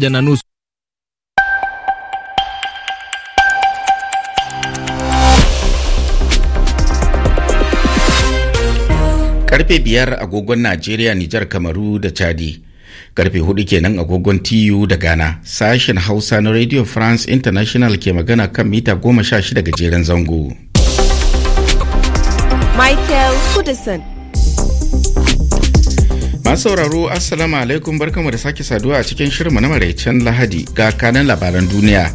nusu. karfe biyar agogon Najeriya, Nijar, Kamaru da Chadi. Karfe hudu kenan agogon TU da Ghana. Sashen Hausa na Radio France International ke magana kan mita goma sha shida gajeren zango. Michael Hudson Masu sauraro Assalamu alaikum barkanmu da sake saduwa a cikin shirinmu na maraicen Lahadi ga kanan labaran duniya.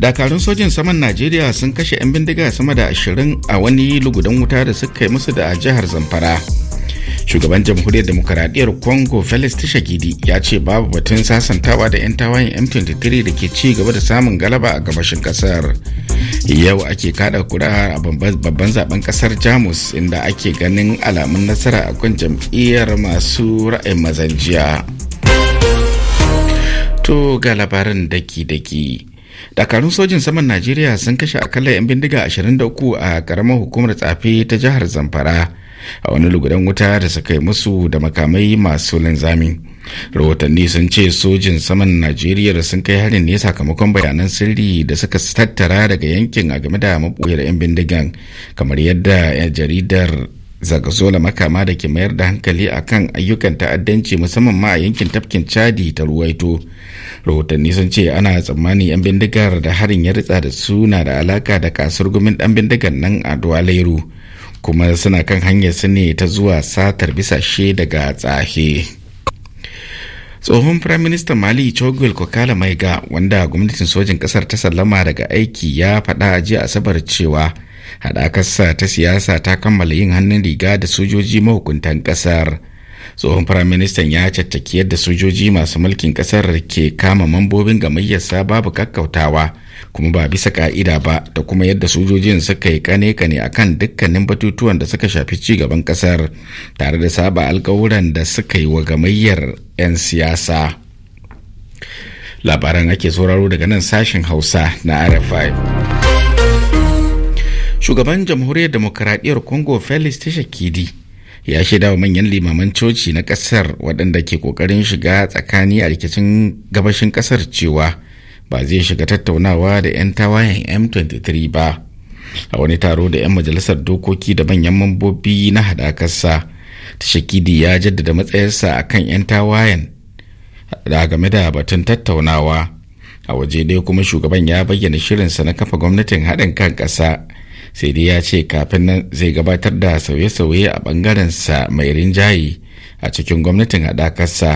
Dakarun sojin saman Najeriya sun kashe 'yan bindiga sama da ashirin a wani lugudan wuta da suka yi musu da a jihar Zamfara. shugaban jamhuriyar demokaradiyyar congo felix tishagidi ya ce babu batun sasantawa da 'yan tawayen m23 da ke ci gaba da samun galaba a gabashin kasar yau ake kada kura a babban zaben kasar jamus inda ake ganin alamun nasara a kan jam'iyyar masu ra'ayin mazan jiya to ga labarin daki-daki dakarun sojin saman najeriya sun kashe akalla 'yan bindiga 23 a karamar hukumar tsafi ta jihar zamfara a wani lugudan wuta da suka musu da makamai masu linzami rahotanni sun ce sojin saman najeriya sun kai harin ne sakamakon bayanan sirri da suka tattara daga yankin a game da maɓoyar 'yan bindigan kamar yadda jaridar zagazola makama da ke mayar da hankali a kan ayyukan ta'addanci musamman ma a yankin tafkin chadi ta ruwaito rahotanni sun ce ana tsammani 'yan bindigar da harin ya ritsa da su na da alaka da kasar gumin dan bindigar nan a duwalairu kuma suna kan hanyar su ne ta zuwa satar bisashe daga tsahe tsohon firaministan mali chogwil kokala maiga wanda gwamnatin sojin kasar ta sallama daga aiki ya faɗa a jiya asabar cewa haɗakarsa ta siyasa ta kammala yin hannun riga da sojoji mahukuntan ƙasar. tsohon firaministan ya caccaki yadda sojoji masu mulkin kasar ke kama mambobin gamayyarsa babu kakkautawa kuma ba bisa ka'ida ba da kuma yadda sojojin suka yi kane-kane akan kan dukkanin batutuwan da suka shafi ci gaban kasar tare da saba alkawuran da suka yi wa gamayyar 'yan siyasa labaran ake sauraro daga nan sashen hausa na rfi shugaban jamhuriyar demokaradiyyar congo felix tshisekedi ya shaida wa manyan limaman coci na kasar waɗanda ke ƙoƙarin shiga tsakani a rikicin gabashin kasar cewa ba zai shiga tattaunawa da 'yan tawayen m23 ba a wani taro da 'yan majalisar dokoki da manyan mambobi na haɗakarsa tashakidi ya jaddada matsayarsa a kan 'yan tawayen da game da batun tattaunawa a waje dai kuma shugaban ya bayyana shirinsa na kafa gwamnatin haɗin kan ƙasa sai dai ya ce kafin nan zai gabatar da sauye-sauye a ɓangarensa mai rinjaye a cikin gwamnatin haɗakarsa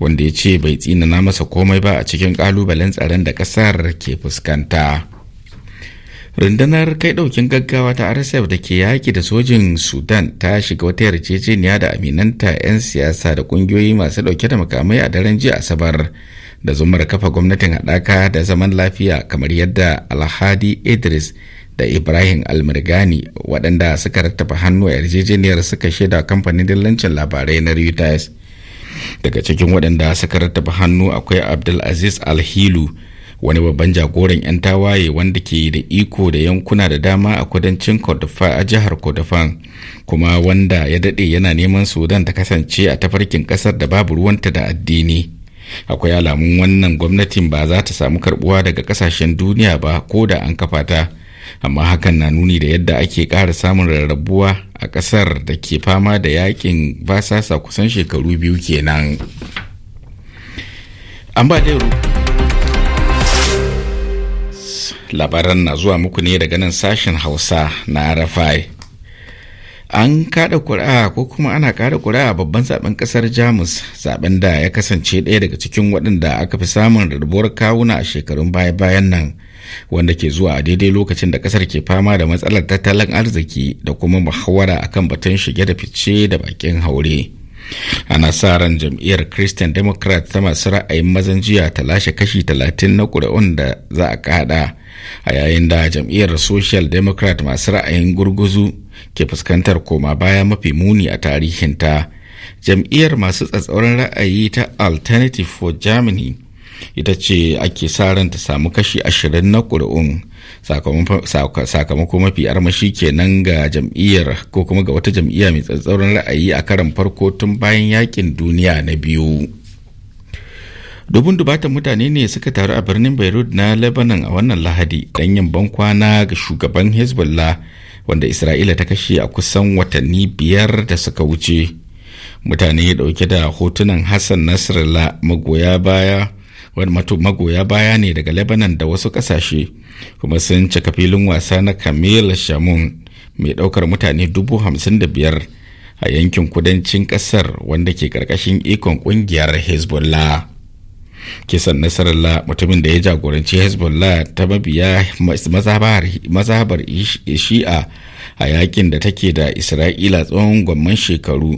wanda ya ce bai tsinana masa komai ba a cikin kalubalen tsaron da kasar ke fuskanta rundunar kai daukin gaggawa ta rsf da ke yaki da sojin sudan ta shiga wata yarjejeniya da aminanta 'yan siyasa da kungiyoyi masu dauke da makamai a daren jiya asabar da zumar kafa gwamnatin haɗaka da zaman lafiya kamar yadda alhadi idris da ibrahim almirgani waɗanda suka rattaba hannu a yarjejeniyar suka shaida kamfanin dillancin labarai na reuters daga cikin waɗanda suka rattaba hannu akwai abdulaziz alhilu wani babban jagoran 'yan tawaye wanda ke da iko da yankuna da dama a kudancin kordofa a jihar kordofan kuma wanda ya daɗe yana neman sudan ta kasance a tafarkin ƙasar da babu ruwanta da addini akwai alamun wannan gwamnatin ba za ta samu karbuwa daga ƙasashen duniya ba ko da an kafa ta amma hakan na nuni da yadda ake ƙara samun rarrabuwa a ƙasar da ke fama da yakin basasa kusan shekaru biyu kenan an labaran na zuwa muku ne daga nan sashen hausa na rafai an kada kuri'a ko kuma ana kada kuri'a babban zaben kasar jamus zaben da ya kasance ɗaya daga cikin waɗanda aka fi samun rarrabuwar kawuna a shekarun baya bayan nan wanda ke zuwa a daidai lokacin da kasar ke fama da matsalar tattalin arziki da kuma muhawara kan batun shige da fice da bakin haure ana sa ran jam'iyyar christian democrat ta masu ra'ayin mazan jiya ta lashe kashi talatin na kuri'un da za a kada a yayin da jam'iyyar social democrat masu ra'ayin gurguzu ke fuskantar koma baya mafi muni a tarihinta jam'iyyar masu tsatsauran ra'ayi ta alternative for germany ita ce ake sa ran ta samu kashi ashirin na ƙuri'un sakamako mafi armashi kenan ga jam'iyyar ko kuma ga wata jam'iyya mai tsatsauran ra'ayi a karan farko tun bayan yakin duniya na biyu dubun dubatan mutane ne suka taru a birnin beirut na lebanon a wannan lahadi don yin bankwana ga shugaban hezbollah wanda isra'ila ta kashe a kusan watanni biyar da suka wuce mutane dauke da hotunan hassan nasrallah magoya baya magoya baya ne daga lebanon da wasu kasashe kuma sun cika filin wasa na kamil shamun mai daukar mutane dubu hamsin da biyar a yankin kudancin kasar wanda ke karkashin ikon kungiyar hezbollah kisan nasarallah mutumin da ya jagoranci hezbollah ta mabiya mazhabar shi'a a yakin da take da isra'ila tsawon gwamman shekaru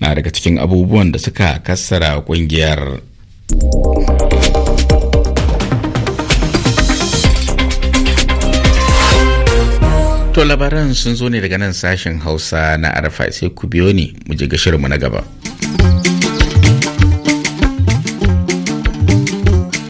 na daga cikin abubuwan da suka kassara kungiyar To labaran sun zo ne daga nan sashen hausa na arafa sai ku biyo ni mu je ga shirinmu na gaba.